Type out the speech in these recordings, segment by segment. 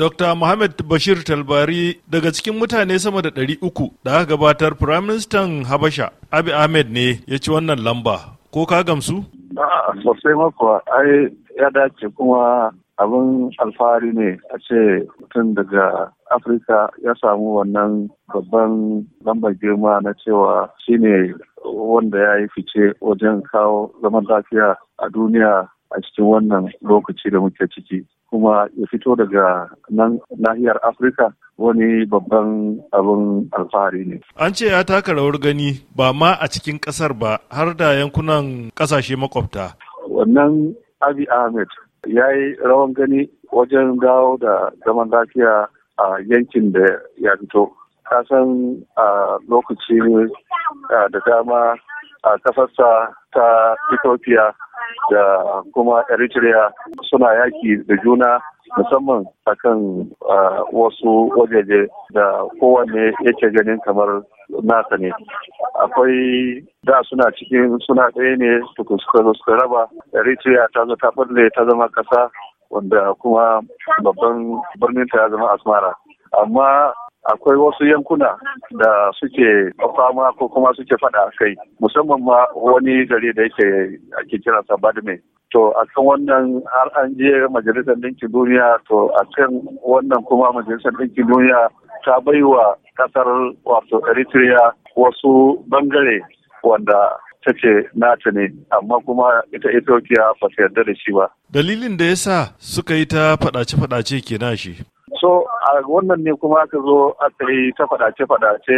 Dr. Mohamed Bashir Talbari daga cikin mutane sama da ɗari uku da aka gabatar Firaministan Habasha Abi Ahmed ne ya ci wannan lamba. Ko ka gamsu? A'a, sosai mako ai ya dace kuma abin alfahari ne a ce mutum daga afirka ya samu wannan babban lambar girma na cewa shine wanda ya yi fice wajen kawo zaman lafiya a duniya a cikin wannan lokaci da muke ciki kuma ya fito daga nan nahiyar afirka wani babban abin alfahari ne an ce ya taka rawar gani ba ma a cikin kasar ba har da yankunan kasashe makwabta wannan abi ahmed ya yi rawan gani wajen dawo da zaman lafiya a yankin da ya fito kasan a lokaci da dama a kasarsa ta ethiopia da kuma eritrea suna yaki da juna musamman akan wasu wajeje da kowanne yake ganin kamar nasa ne akwai da suna cikin suna ɗaya ne tukun suka zo suka raba eritrea ta zo ta ta zama ƙasa wanda kuma babban birnin ta zama asmara amma akwai wasu yankuna da suke fama ko kuma suke fada kai musamman ma wani gari da yake ake kiransa badme to a kan wannan har an je majalisar ɗinkin duniya to a kan wannan kuma majalisar ɗinkin duniya ta baiwa kasar wato eritrea wasu bangare wanda ta ce nata ne amma kuma ita ethiopia ba ta yarda da shi ba dalilin da yasa suka yi ta faɗace-faɗace ke shi. so a wannan ne kuma aka zo aka yi ta fadace-fadace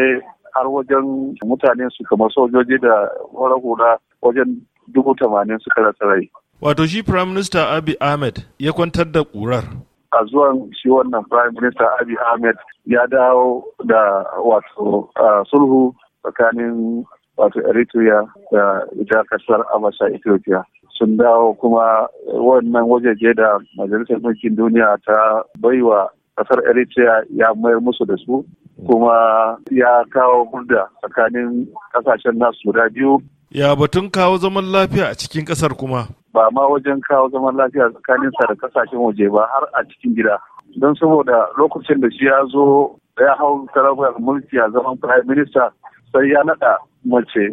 har wajen mutane su kamar sojoji da wara hula wajen dubu tamanin suka rasa rai. Wato shi Prime Minister Abiy Ahmed ya kwantar da ƙurar. A zuwan shi wannan Prime Minister Abiy Ahmed ya dawo da wato sulhu tsakanin wato Eritrea da ita kasar Habasha Ethiopia. Sun dawo kuma wannan wajeje da Majalisar Ɗinkin Duniya ta baiwa kasar eritrea ya mayar musu da su kuma ya kawo hulda tsakanin kasashen nasu guda biyu ya batun kawo zaman lafiya a cikin kasar kuma ba ma wajen kawo zaman lafiya tsakaninsa da kasashen waje ba har a cikin gida don saboda lokacin da shi ya zo ya hau karabar mulki a zaman prime minister sai ya nada mace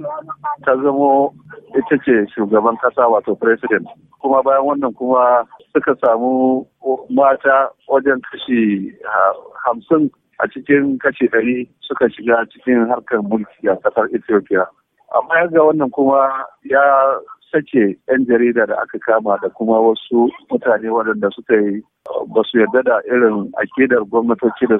ta zamo ita ce shugaban kasa wato president kuma bayan wannan kuma suka samu mata wajen kashi ah, hamsin a cikin kashi ɗari suka shiga cikin harkar mulki a ƙasar ethiopia amma ga wannan kuma ya sake 'yan jarida da aka kama da kuma wasu mutane waɗanda suka yi ba su yarda da irin akidar gwamnatoci da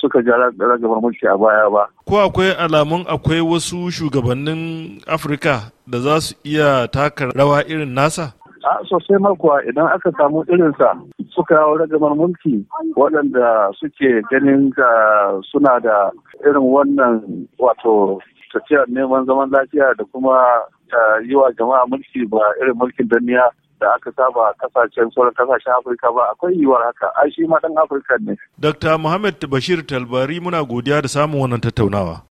suka ja ragamar mulki a baya ba. Ko akwai alamun akwai wasu shugabannin Afirka da za su iya taka rawa irin nasa? a sosai makuwa idan aka samu irinsa suka yawo ragamar mulki waɗanda suke ganin ah, suna da irin wannan wato tafiyar neman zaman lafiya da kuma ah, yi wa jama'a mulki ba irin mulkin duniya da aka saba kasashen sauran kasashen afirka ba akwai yiwuwar haka ai shi ma dan afirka ne dr muhammad bashir talbari muna godiya da samun wannan tattaunawa